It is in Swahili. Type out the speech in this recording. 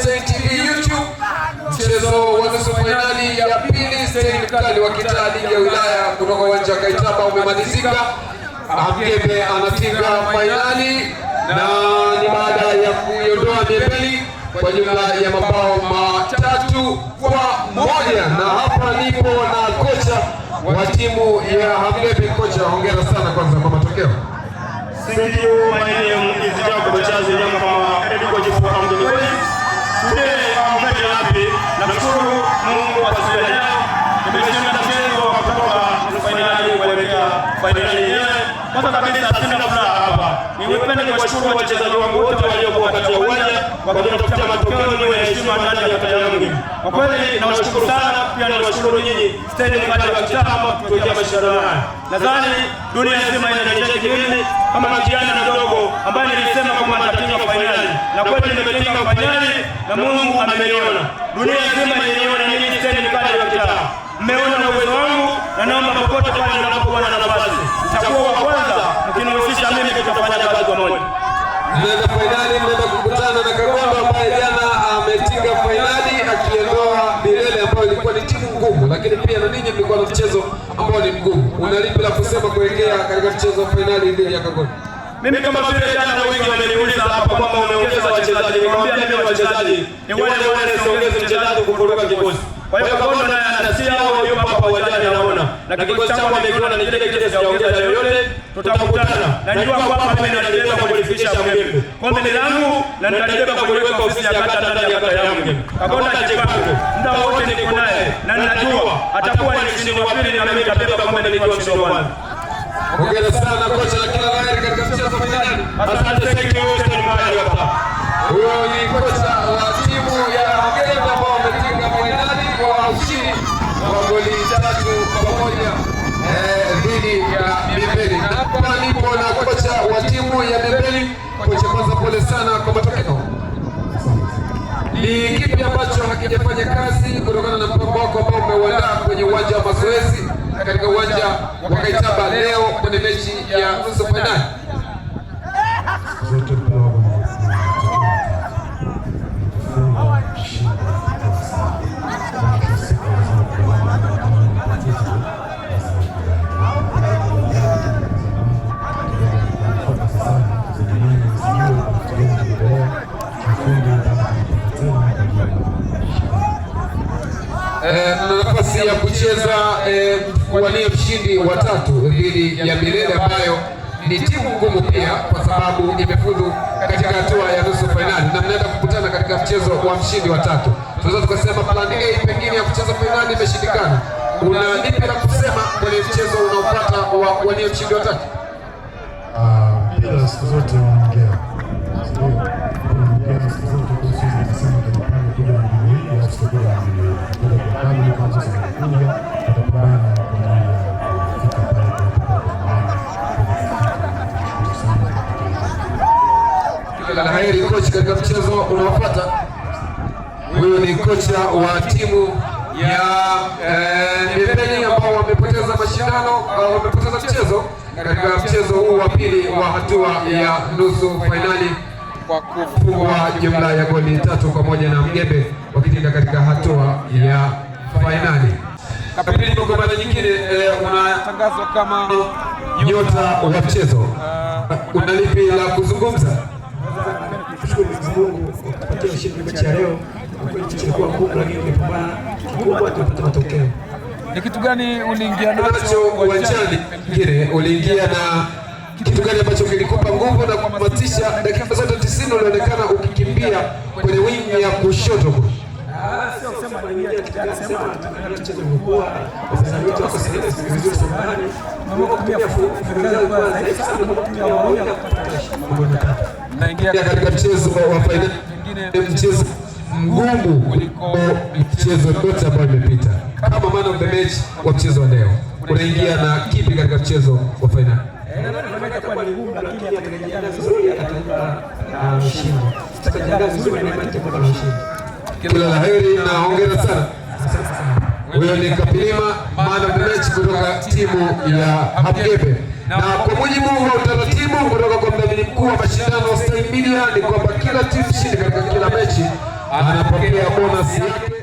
Stein TV YouTube, mchezo wa nusu fainali ya pili Stein wa kitaa ligi ya wilaya kutoka uwanja wa Kaitaba umemalizika. Hamkebe anatinga fainali na ni baada ya kuiondoa Miembeli kwa jumla ya mabao matatu kwa moja, na hapa nipo na kocha wa timu ya Hamkebe. Kocha, hongera sana kwanza kwa matokeo tunashukuru Mungu kwa siku ya leo, tumeshinda mchezo wa kutoka fainali kuelekea fainali. Kwanza kabisa sina furaha hapa. Ningependa kuwashukuru wachezaji wangu wote waliokuwa katika uwanja kwa kuja kupata matokeo yenye heshima ndani ya kata yangu. Kwa kweli nawashukuru sana, pia nawashukuru nyinyi stendi mkaja wa kitamba kutuwekea mashindano haya. Nadhani dunia nzima inanijeki mimi kama kijana mdogo ambaye nilisema kwamba nitatinga fainali, na kweli nimetinga fainali na Mungu ameniona. Dunia nzima imeniona mimi stendi mkaja wa kitamba. Mmeona uwezo wangu na naomba popote pale ninapokuwa na nafasi imekuwa ni timu ngumu, lakini pia na ninyi mlikuwa na mchezo ambao ni mgumu. Unalipi la kusema kuelekea katika mchezo wa fainali dhidi ya Kagera? Mimi kama vile jana wengi wameniuliza hapa kwamba umeongeza wachezaji, nikamwambia mimi wachezaji ni wale wale, siongeze mchezaji kuvuruga kikosi. Kwa hiyo Kabondo na anasia hao yupo hapa uwanjani anaona, na kikosi changu amekiona ni kile kile, na yoyote, tutakutana Najua kwa hapa mimi nalibeba ninajiweza kulifikisha Mgembe kombe langu, na nitajiweza kuliweka ofisi ya kata ndani ya kata yangu Mgembe. na ajipange, muda wote niko naye na ninajua atakuwa ni mshindi wa pili na mimi nitabeba kombe nilikuwa mshindi wa kwanza. Hongera sana kocha na kila laheri katika mchezo wa finali. Asante Sheikh Hussein Mali hapa. Huyo ni kocha wa timu ya Hongera ambao wamefika finali kwa ushindi wa goli tatu kwa moja eh, dhidi ya Bebeli. hapa nipo na kocha wa timu ya Bebeli. Kocha, kwanza pole sana kwa matokeo. Ni kipi ambacho hakija katika uwanja wa Kaitaba leo kwenye mechi ya nusu fainali. na eh, nafasi ya kucheza kuwania eh, mshindi wa tatu dhidi ya Milele ambayo ni timu ngumu pia kwa sababu imefuzu katika hatua ya nusu fainali na mnaenda kukutana katika mchezo wa mshindi wa tatu. Tunaweza tukasema plan A pengine ya kucheza fainali imeshindikana. Una nipi la kusema kwenye mchezo unaopata wa kuwania mshindi wa tatu? Ah, yes, zote wanaongea. kila la heri coach, katika mchezo unaofuata. Huyu ni kocha wa timu ya eh, Mbepenyi ambao wamepoteza mashindano, wamepoteza mchezo katika mchezo huu wa pili wa hatua ya nusu fainali kwa kufungwa jumla ya goli tatu kwa moja na Mgebe wakitinda katika hatua ya fainali. Kapili kwa mara nyingine eh, unatangazwa kama nyota wa mchezo, eh, unalipi la kuzungumza? Shukuru Mwenyezi Mungu ushindi mechi ya leo. lakini kubwa matokeo. Ni kitu gani uliingia nacho uwanjani ngine? Uliingia na kitu gani ambacho kilikupa nguvu na kumatisha? Dakika zote 90 ulionekana ukikimbia kwenye wingi ya kushoto mnaingia katika mchezo wa fainali, mchezo mgumu kuliko mchezo yote ambayo imepita. Kama man of the match wa mchezo wa leo, unaingia na kipi katika mchezo wa fainali? Eh, Kila la heri na hongera sana. Huyo ni Kapilima man of the match kutoka timu ya Hapgebe na kwa mujibu wa utaratibu kutoka kwa mdhamini mkuu wa mashindano Star Media ni kwamba kila timu shindi katika kila mechi anapokea yake.